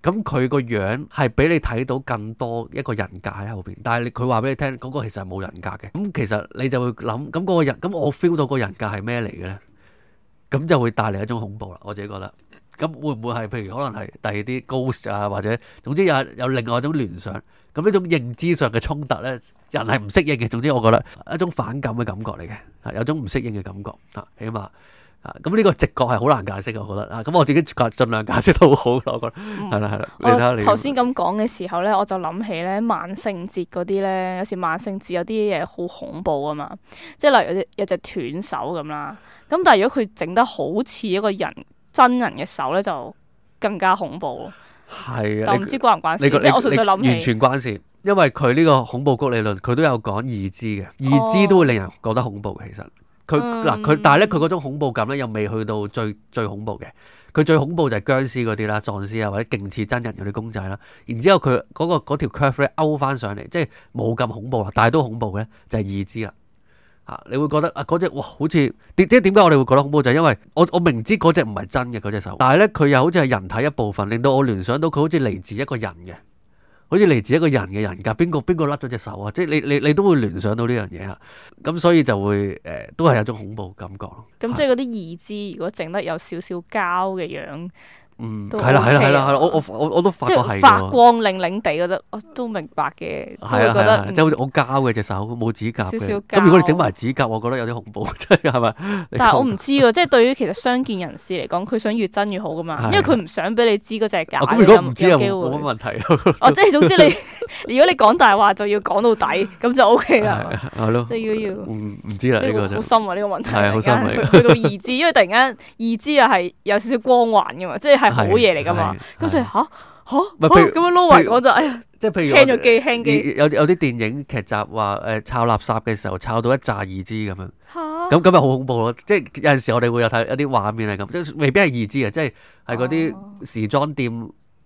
咁佢個樣係俾你睇到更多一個人格喺後邊，但係佢話俾你聽嗰個其實係冇人格嘅，咁其實你就會諗，咁嗰個人，咁我 feel 到個人格係咩嚟嘅呢？咁就會帶嚟一種恐怖啦，我自己覺得。咁會唔會係譬如可能係第二啲 ghost 啊，或者總之有有另外一種聯想？咁呢種認知上嘅衝突呢，人係唔適應嘅。總之我覺得一種反感嘅感覺嚟嘅，有種唔適應嘅感覺。嗱，起碼。咁呢個直覺係好難解釋，我覺得。咁、啊、我自己盡量解釋都好，我覺得。係啦、嗯，係啦。我頭先咁講嘅時候咧，我就諗起咧萬聖節嗰啲咧，有時萬聖節有啲嘢好恐怖啊嘛。即係例如有隻斷手咁啦。咁但係如果佢整得好似一個人真人嘅手咧，就更加恐怖咯。係啊的。但係唔知關唔關事？即係我純粹諗。完全關事，因為佢呢個恐怖谷理論，佢都有講未知嘅，未知都會令人覺得恐怖，其實。哦哦佢嗱佢，但係咧佢嗰種恐怖感咧又未去到最最恐怖嘅。佢最恐怖就係僵屍嗰啲啦，喪屍啊或者勁似真人嗰啲公仔啦。然之後佢嗰、嗰個嗰條 curve 咧勾翻上嚟，即係冇咁恐怖啦，但係都恐怖嘅就係義肢啦。吓、啊、你會覺得啊嗰隻哇好似即係點解我哋會覺得恐怖就係因為我我明知嗰隻唔係真嘅嗰隻手，但係咧佢又好似係人體一部分，令到我聯想到佢好似嚟自一個人嘅。好似嚟自一個人嘅人格，邊個邊個甩咗隻手啊？即係你你你都會聯想到呢樣嘢啊！咁所以就會誒、呃，都係有種恐怖感覺。咁、嗯、是即係嗰啲義肢，如果整得有少少膠嘅樣。嗯，係啦，係啦，係啦，係啦，我我我都發覺係發光，亮亮地，我覺得，都明白嘅。係啊，係啊，即係好似好膠嘅隻手，冇指甲。少少膠咁，如果你整埋指甲，我覺得有啲恐怖，真係，係咪？但係我唔知喎，即係對於其實傷健人士嚟講，佢想越真越好噶嘛，因為佢唔想俾你知個隻假。咁如果唔知有冇乜問題？哦，即係總之你，如果你講大話就要講到底，咁就 OK 啦。係咯。即係要要。唔知啦，呢個好深啊呢個問題。係好深，去到義肢，因為突然間義肢又係有少少光環噶嘛，即係。係好嘢嚟噶嘛？咁跟住吓？嚇、啊，咁樣撈埋我就哎呀！即係譬如，譬如，譬如，譬如聽咗幾輕嘅，有有啲電影劇集話誒抄垃圾嘅時候抄到一紮二支咁樣嚇，咁咁咪好恐怖咯！即係有陣時我哋會有睇有啲畫面係咁，即未必係二支啊，即係係嗰啲時裝店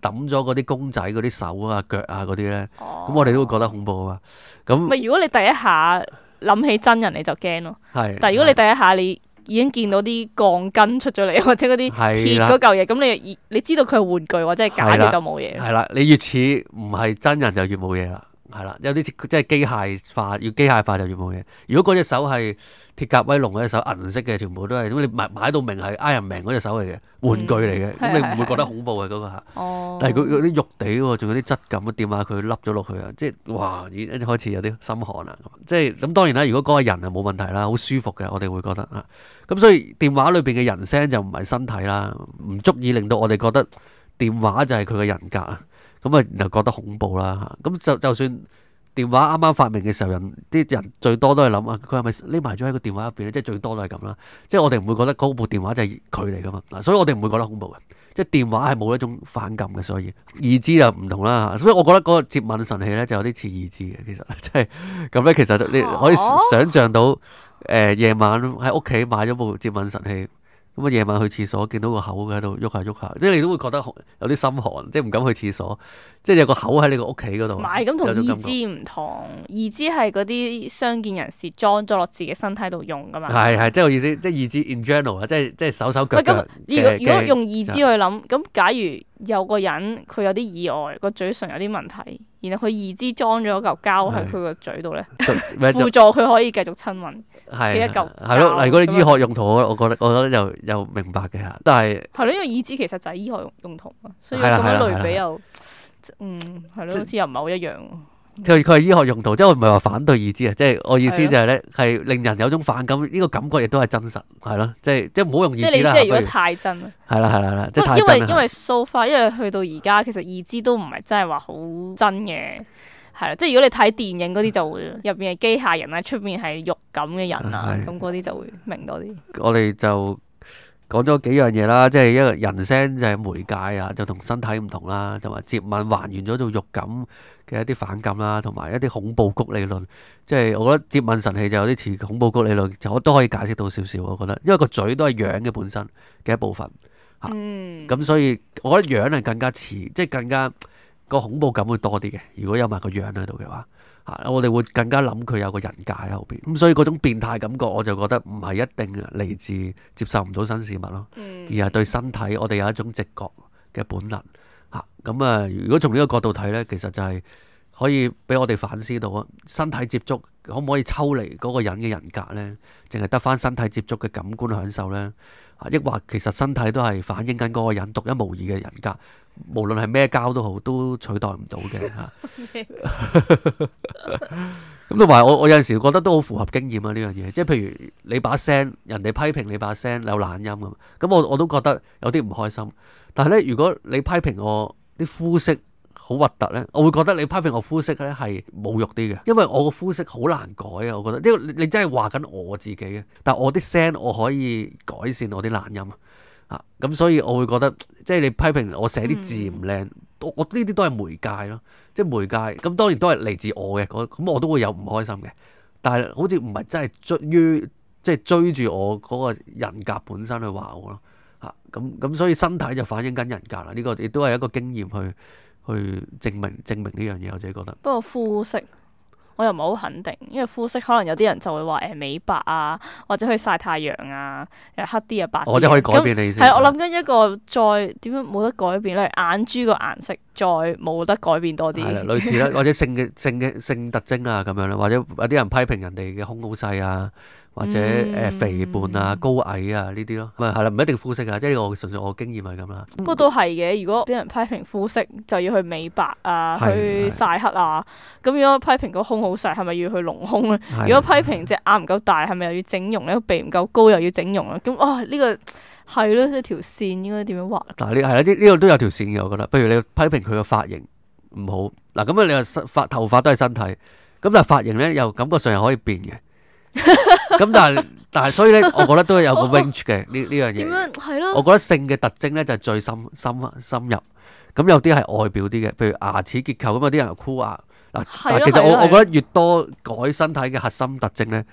抌咗嗰啲公仔嗰啲手啊腳啊嗰啲咧，咁、啊、我哋都會覺得恐怖啊嘛！咁咪如果你第一下諗起真人你就驚咯，係。是是 但係如果你第一下你。已經見到啲鋼筋出咗嚟，或者嗰啲鐵嗰嚿嘢，咁係你，你知道佢係玩具或者係假嘅就冇嘢。係啦，你越似唔係真人就越冇嘢啦。係啦，有啲即係機械化，要機械化就要冇嘢。如果嗰隻手係鐵甲威龍嗰隻手，銀色嘅，全部都係咁，你買買到明係 Iron Man 嗰隻手嚟嘅，玩具嚟嘅，咁、嗯、你唔會覺得恐怖嘅嗰、嗯、個吓。嗯、但係佢啲肉地喎，仲有啲質感，掂下佢凹咗落去啊，即係哇，已經開始有啲心寒啦。即係咁，當然啦，如果嗰個人係冇問題啦，好舒服嘅，我哋會覺得啊。咁所以電話裏邊嘅人聲就唔係身體啦，唔足以令到我哋覺得電話就係佢嘅人格啊。咁啊，又覺得恐怖啦嚇！咁就就算電話啱啱發明嘅時候，人啲人最多都係諗啊，佢係咪匿埋咗喺個電話入邊咧？即係最多都係咁啦。即係我哋唔會覺得嗰部電話就係佢嚟㗎嘛。所以我哋唔會覺得恐怖嘅。即係電話係冇一種反感嘅，所以意志就唔同啦。所以我覺得嗰個接吻神器咧就有啲似意志嘅，其實即係咁咧。其實你可以想像到誒、呃、夜晚喺屋企買咗部接吻神器。咁啊，夜晚去廁所見到個口喺度喐下喐下，即係你都會覺得有啲心寒，即係唔敢去廁所，即係有個口喺你個屋企嗰度。唔係，咁同義肢唔同，義肢係嗰啲傷健人士裝咗落自己身體度用噶嘛。係係，即係我意思，即係義肢 in general 啊，即係即係手手腳腳，喂，咁如果如果用義肢去諗，咁、即係、假如？有個人佢有啲意外，個嘴唇有啲問題，然後佢義肢裝咗嚿膠喺佢個嘴度咧，輔的 助佢可以繼續親吻。係的一嚿，係咯的。嗱樣，嗰啲醫學用途，我我覺得我覺得又又明白嘅嚇，但係係咯，因為義肢其實就係醫學用途啊，所以咁樣類比又，嗯，係咯的，好似又唔係好一樣。佢佢係醫學用途，即係我唔係話反對義肢啊，即係我意思就係咧，係是、啊、令人有種反感呢、這個感覺，亦都係真實，係咯、啊，即係即係唔好用義肢啦，如果太真，係啦係啦係啦，即係因為因為 so far，因為去到而家，其實義肢都唔係真係話好真嘅，係啦、啊，即係如果你睇電影嗰啲就會，入、嗯、面係機械人啊，出面係肉感嘅人啊，咁嗰啲就會明多啲。我哋就。講咗幾樣嘢啦，即係一個人聲就係媒介啊，就同身體唔同啦，同埋接吻還原咗做肉感嘅一啲反感啦，同埋一啲恐怖谷理論，即係我覺得接吻神器就有啲似恐怖谷理論，就我都可以解釋到少少，我覺得，因為個嘴都係樣嘅本身嘅一部分吓，咁、嗯啊、所以我覺得樣係更加似，即係更加個恐怖感會多啲嘅，如果有埋個樣喺度嘅話。啊！我哋會更加諗佢有個人格喺後邊，咁所以嗰種變態感覺，我就覺得唔係一定嚟自接受唔到新事物咯，而係對身體我哋有一種直覺嘅本能。吓咁啊！如果從呢個角度睇咧，其實就係可以俾我哋反思到啊，身體接觸可唔可以抽離嗰個人嘅人格咧？淨係得翻身體接觸嘅感官享受咧？抑或其實身體都係反映緊嗰個人獨一無二嘅人格？無論係咩膠都好，都取代唔到嘅吓。咁同埋，我我有陣時覺得都好符合經驗啊呢樣嘢，即係譬如你把聲，人哋批評你把聲有懶音咁，咁我我都覺得有啲唔開心。但係咧，如果你批評我啲膚色好核突咧，我會覺得你批評我膚色咧係侮辱啲嘅，因為我個膚色好難改啊。我覺得，因為你真係話緊我自己嘅，但係我啲聲我可以改善我啲懶音。啊！咁所以我會覺得，即係你批評我寫啲字唔靚，嗯、我呢啲都係媒介咯，即係媒介。咁當然都係嚟自我嘅，咁我，我都會有唔開心嘅。但係好似唔係真係追於即係追住我嗰個人格本身去話我咯。嚇、啊！咁、啊、咁、啊啊、所以身體就反映緊人格啦。呢、呢個亦都係一個經驗去去證明證明呢樣嘢。我自己覺得。不過膚色。我又唔係好肯定，因為膚色可能有啲人就會話誒、哎、美白啊，或者去曬太陽啊，誒黑啲啊白。我即係可以改變你意思那？係、嗯、我諗緊一個再點樣冇得改變咧，嗯、眼珠個顏色再冇得改變多啲。係啦，類似啦，或者性嘅 性嘅性，性，性特徵啊咁樣啦，或者有啲人批評人哋嘅胸好細啊。或者誒、呃、肥胖啊、高矮啊呢啲咯，唔係係啦，唔一定膚色啊，即係我純粹我經驗係咁啦。不過都係嘅，如果俾人批評膚色，就要去美白啊，的去曬黑啊。咁如果批評個胸好細，係咪要去隆胸咧？的如果批評隻眼唔夠大，係咪又要整容咧？個鼻唔夠高又要整容啊。咁、這、啊、個，呢個係咯，即係條線應該點樣畫？嗱、啊，呢係呢呢個都有條線嘅，我覺得。不如你批評佢個髮型唔好嗱，咁、啊、你話髮頭髮都係身體，咁但係髮型咧又感覺上又可以變嘅。咁 但係但係，所以咧，我覺得都有個 range 嘅，呢呢樣嘢。係咯，我覺得性嘅特徵咧就係最深深深入。咁有啲係外表啲嘅，譬如牙齒結構咁啊，啲人箍牙。嗱的，但其實我我覺得越多改身體嘅核心特徵咧，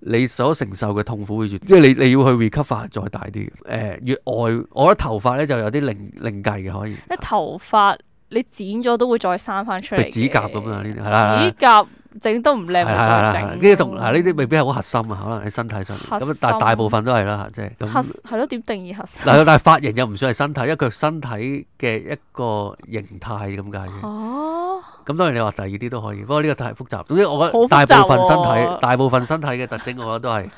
你所承受嘅痛苦會越，即係你你要去 recover 再大啲。誒、呃，越外，我覺得頭髮咧就有啲另另計嘅可以。一頭髮你剪咗都會再生翻出嚟，指甲咁啊，係啦，指甲。 整都唔靚，唔該整。呢啲同呢啲未必係好核心啊，可能喺身體上面。核心。咁但係大部分都係啦，即係。核心係咯？點嗱定義核心？但係髮型又唔算係身體，因為佢身體嘅一個形態咁解哦。咁、啊、當然你話第二啲都可以，不過呢個太複雜。總之我覺得、啊、大部分身體，大部分身體嘅特徵，我覺得都係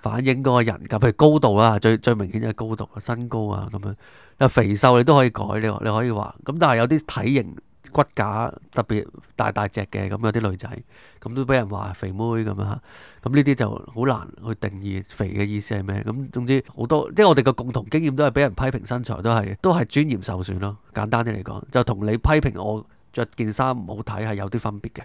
反映嗰個人咁。譬 如高度啦，最最明顯就係高度，身高啊咁樣。又肥瘦你都可以改，你你可以話。咁但係有啲體型。骨架特別大大隻嘅，咁，有啲女仔咁都俾人話肥妹咁啊，咁呢啲就好難去定義肥嘅意思係咩。咁總之好多，即係我哋嘅共同經驗都係俾人批評身材，都係都係尊嚴受損咯。簡單啲嚟講，就同你批評我。着件衫唔好睇，係有啲分別嘅。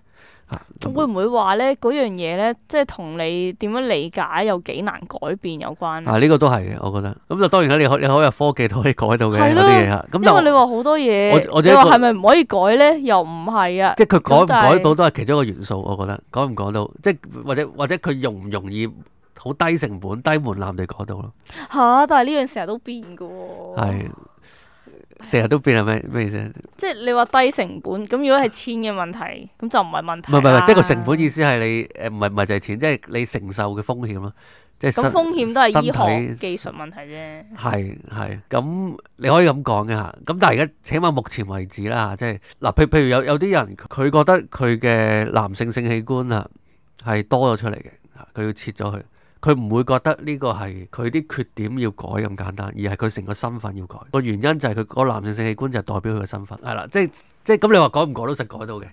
吓、啊、會唔會話咧嗰樣嘢咧，即係同你點樣理解有幾難改變有關？啊、呢、這個都係嘅，我覺得。咁就當然啦，你可你可以有科技都可以改到嘅好多嘢。咁因為你話好多嘢，我我話係咪唔可以改咧？又唔係啊？即係佢改唔改到都係其中一個元素，我覺得改唔改到，即係或者或者佢容唔容易好低成本、低門檻地改到咯。吓、啊，但係呢樣成日都變嘅喎。係、啊。成日都變係咩咩意思？即係你話低成本，咁如果係千嘅問題，咁就唔係問題啦。唔係唔係，即係個成本意思係你誒，唔係唔係就係錢，即係你承受嘅風險咯。即係咁風險都係醫學技術問題啫。係係，咁你可以咁講嘅吓。咁但係而家，起碼目前為止啦，即係嗱，譬譬如有有啲人佢覺得佢嘅男性性器官啊係多咗出嚟嘅，佢要切咗佢。佢唔會覺得呢個係佢啲缺點要改咁簡單，而係佢成個身份要改。個原因就係佢個男性性器官就係代表佢個身份，係啦，即係即係咁。你話改唔改都實改到嘅。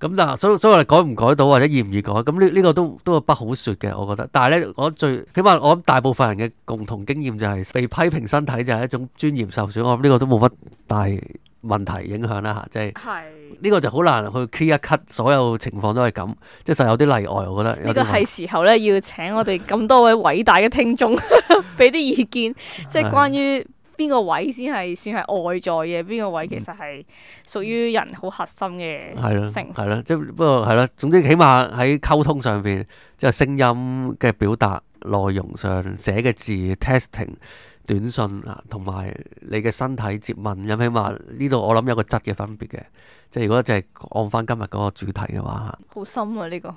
咁但係所所以話改唔改到或者易唔易改，咁呢呢個都都不好説嘅，我覺得。但係呢，我最起碼我諗大部分人嘅共同經驗就係被批評身體就係一種尊嚴受損。我諗呢個都冇乜大。問題影響啦嚇，即係呢是個就好難去 clear cut，所有情況都係咁，即係實有啲例外，我覺得。呢這個係時候咧，要請我哋咁多位偉大嘅聽眾，俾 啲意見，的即係關於邊個位先係算係外在嘅，邊個位其實係屬於人好核心嘅性。係咯，即係不過係咯，總之起碼喺溝通上面，即係聲音嘅表達、內容上寫嘅字、testing。短信啊，同埋你嘅身體接吻，有冇起碼呢度？我諗有個質嘅分別嘅，即係如果即係講翻今日嗰個主題嘅話，好深啊！呢、呢個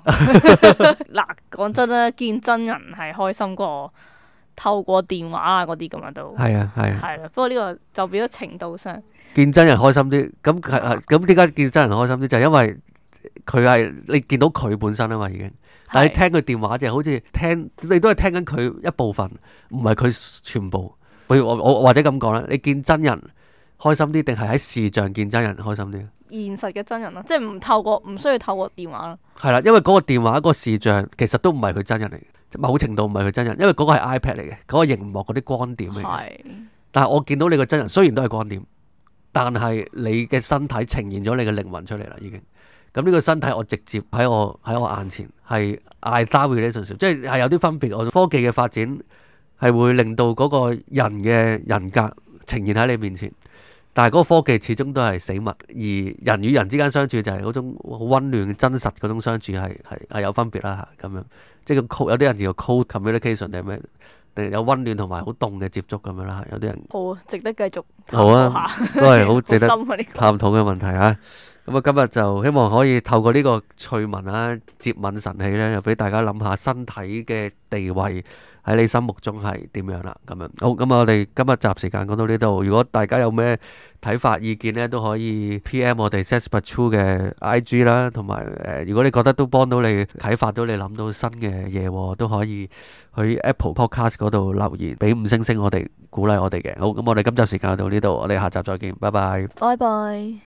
嗱，講 真啦，見真人係開心過我透過電話啊嗰啲咁樣，都係啊係啊，係啦、啊。啊、不過呢個就變咗程度上，見真人開心啲。咁係咁點解見真人開心啲？就係、係、因為佢係你見到佢本身啊嘛，已經。但係你聽佢電話就，好似聽你都係聽緊佢一部分，唔係佢全部。譬如我我，我或者咁講啦，你見真人開心啲，定係喺視像見真人開心啲？現實嘅真人啦，即係唔透過，唔需要透過電話啦。係啦，因為嗰個電話嗰個視像，其實都唔係佢真人嚟嘅，某程度唔係佢真人，因為嗰個係 iPad 嚟嘅，嗰、嗰個熒幕嗰啲光點嚟。係。但係我見到你個真人，雖然都係光點，但係你嘅身體呈現咗你嘅靈魂出嚟啦，已經。咁呢個身體，我直接喺我喺我眼前，係 eye d i 即係係有啲分別。科技嘅發展係會令到嗰個人嘅人格呈現喺你面前，但係嗰個科技始終都係死物，而人與人之間相處就係嗰種好温暖、真實嗰種相處，係係係有分別啦。咁樣即係個有啲人叫做 cold communication 定係咩？定係有温暖同埋好凍嘅接觸咁樣啦。有啲人好值得繼續好啊，都係好值得探討嘅問題嚇。深 咁啊，今日就希望可以透過呢個趣聞啦、接吻神器咧，又俾大家諗下身體嘅地位喺你心目中係點樣啦。咁樣好，咁我哋今日集時間講到呢度。如果大家有咩睇法、意見呢，都可以 PM 我哋 Sex But True 嘅 IG 啦，同埋誒，如果你覺得都幫到你、啟發到你諗到新嘅嘢喎，都可以去 Apple Podcast 嗰度留言，俾五星星我哋鼓勵我哋嘅。好，咁我哋今集時間到呢度，我哋下集再見，拜拜。Bye bye.